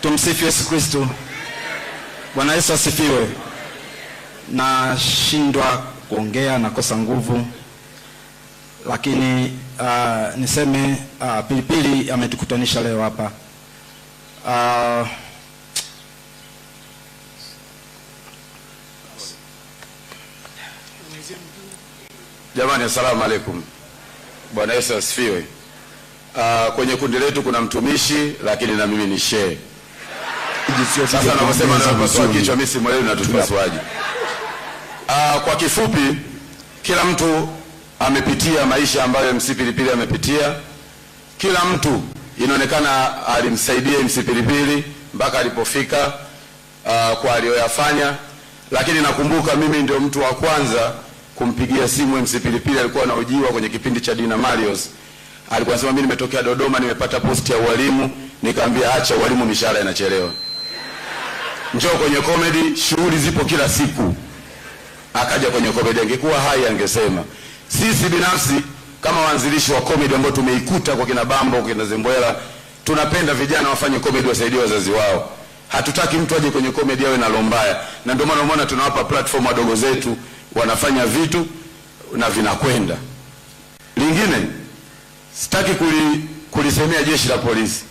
Tumsifu Yesu Kristo. Bwana Yesu asifiwe. Nashindwa kuongea, nakosa nguvu, lakini uh, niseme uh, Pilipili ametukutanisha leo hapa uh, Jamani, assalamu alaikum. Bwana Yesu asifiwe uh, kwenye kundi letu kuna mtumishi lakini na mimi ni shehe. Sasa anavyosema napasua kichwa, mimi simwelewi natupasuaje? Uh, kwa kifupi, kila mtu amepitia maisha ambayo MC Pilipili amepitia. Kila mtu inaonekana alimsaidia MC Pilipili mpaka alipofika uh, kwa aliyoyafanya, lakini nakumbuka mimi ndio mtu wa kwanza kumpigia simu MC Pilipili, alikuwa anaojiwa kwenye kipindi cha Dina Marios alikuwa anasema mimi nimetokea Dodoma, nimepata posti ya walimu, Nikamwambia acha walimu, mishahara inachelewa. Njoo kwenye comedy, shughuli zipo kila siku. Akaja kwenye comedy, angekuwa hai angesema sisi binafsi kama waanzilishi wa comedy ambao tumeikuta kwa kina Bambo, kwa kina Zembwela, tunapenda vijana wafanye comedy, wasaidie wazazi wao. Hatutaki mtu aje kwenye comedy awe na lombaya, na ndio maana umeona tunawapa platform wadogo zetu, wanafanya vitu na vinakwenda. Lingine Sitaki kulisemea jeshi la polisi,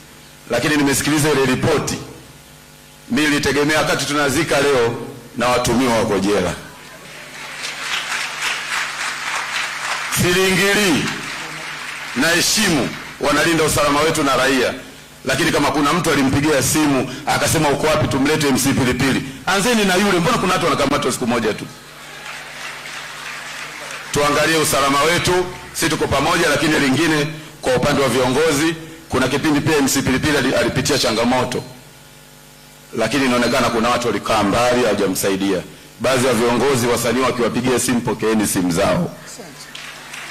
lakini nimesikiliza ile ripoti. Mimi nilitegemea wakati tunazika leo na watumiwa wako jela. Siliingilii, naheshimu, wanalinda usalama wetu na raia, lakini kama kuna mtu alimpigia simu akasema uko wapi, tumlete MC Pilipili, anzeni na yule. Mbona kuna watu wanakamatwa siku moja tu? tuangalie usalama wetu, si tuko pamoja. Lakini lingine kwa upande wa viongozi, kuna kipindi pia MC Pilipili alipitia changamoto, lakini inaonekana kuna watu walikaa mbali, hawajamsaidia. Baadhi ya viongozi, wasanii wakiwapigia simu, pokeeni simu zao,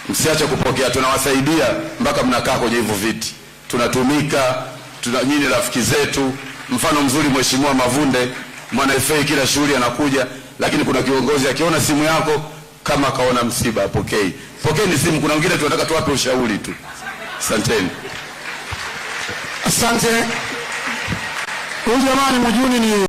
msiache kupokea. Tunawasaidia mpaka mnakaa kwenye hivyo viti, tunatumika tuna, nyinyi rafiki zetu. Mfano mzuri Mheshimiwa Mavunde, mwana FA, kila shughuli anakuja, lakini kuna kiongozi akiona simu yako kama akaona msiba apokei. pokeni simu, kuna wengine tunataka tuwape ushauri tu. Asanteni, asante. Huyu jamani, mjuni ni